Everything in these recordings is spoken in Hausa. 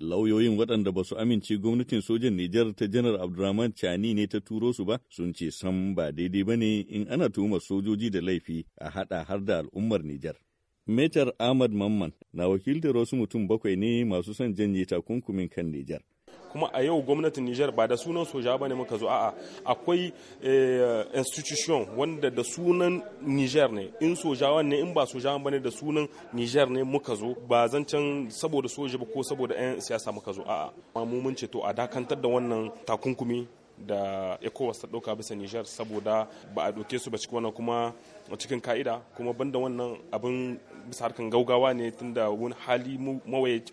Lauyoyin waɗanda ba su amince gwamnatin sojan Nijar ta Janar abdulrahman Chani ne ta turo su ba sun ce san ba daidai ba ne in ana tuhumar sojoji da laifi a haɗa har da al'ummar Nijar. Metar Ahmad Mamman na wakiltar wasu mutum bakwai ne masu son janye takunkumin kan Nijar. kuma a yau gwamnatin Nijar ba da sunan soja ba ne muka zo a'a akwai eh, institution wanda da sunan Nijar ne in sojawan ne in ba sojawan ba ne da sunan Nijar ne muka zo ba zancen saboda soja ba ko saboda 'yan siyasa muka zo a'a mu mun ceto a dakantar da wannan takunkumi da ECOWAS ta ɗauka bisa Nijar saboda ba a doke su ba cikin wannan kuma cikin ka'ida kuma banda wannan abin bisa harkan gaugawa ne tunda wani hali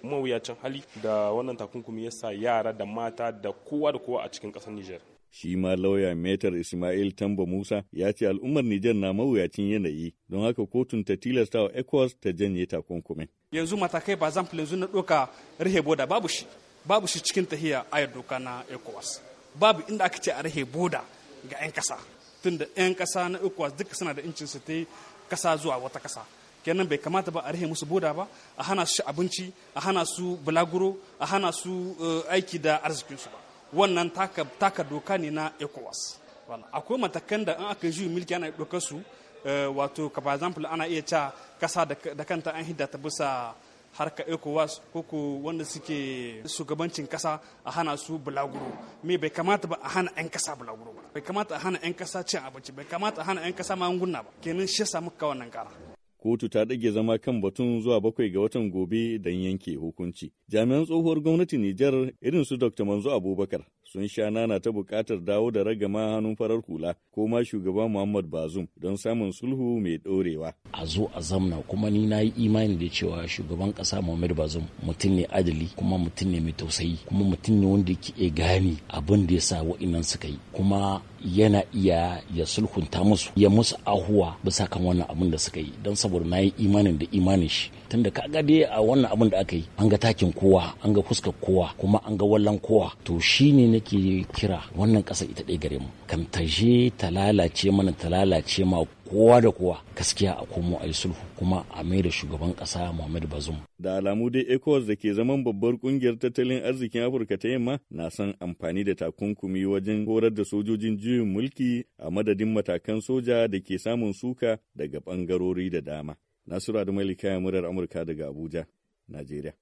mawuyacin hali da wannan takunkumi ya sa yara da mata da kowa da kowa a cikin ƙasar Nijar. shi ma lauya metar Ismail Tamba Musa ya ce al'ummar Nijar na mawuyacin yanayi don haka kotun ta tilasta wa ECOWAS ta janye takunkumin. Yanzu matakai ba zan yanzu na ɗoka rihe boda babu shi babu shi cikin tahiya ayar doka na ECOWAS babu inda aka ce a rihe boda ga 'yan kasa tunda 'yan kasa na ECOWAS duka suna da incin su ta kasa zuwa wata kasa. kenan bai kamata ba a rahe musu boda ba a hana su abinci a hana su bulaguro a hana su eh, aiki da arzikinsu ba wannan taka doka ne na ecowas akwai matakan da an aka yi milki ana ɗaukar su eh, wato ka for example ana iya ca kasa da kanta an hidda ta bisa harka ecowas ko wanda suke shugabancin kasa a hana su bulaguro me bai kamata ba a hana 'yan kasa bulaguro ba bai kamata a hana 'yan kasa cin abinci bai kamata a hana 'yan kasa magunguna ba kenan shi ya samu ka wannan kara kotu ta ɗage zama kan batun zuwa bakwai ga watan gobe don yanke hukunci. Jami'an tsohuwar gwamnati Nijar irin su Dr. Manzo Abubakar sun sha nana ta buƙatar dawo da ragama hannun farar hula ko ma shugaba Muhammad Bazum don samun sulhu mai ɗorewa. A zo a zamna kuma ni na yi imani da cewa shugaban ƙasa Muhammad Bazum mutum ne adali kuma mutum ne mai tausayi kuma mutum ne wanda ke iya gane abin da ya sa wa'innan suka yi kuma yana iya ya sulhunta musu ya musu ahuwa bisa kan wannan abin da suka yi don saboda saboda na yi imanin da imanin shi tunda ga dai a wannan abin da aka yi an ga takin kowa an ga fuskar kowa kuma an ga wallan kowa to shine nake kira wannan ƙasa ita ɗaya gare mu kan ta je ta lalace mana ta lalace ma kowa da kowa gaskiya a komo a sulhu kuma a mai da shugaban ƙasa muhammadu bazum Da alamu dai ECOWAS da ke zaman babbar kungiyar tattalin arzikin Afirka ta yamma na son amfani da takunkumi wajen horar da sojojin juyin mulki a madadin matakan soja da ke samun suka daga bangarori da dama. Nasiru Adamu kayan murar Amurka daga Abuja, Najeriya.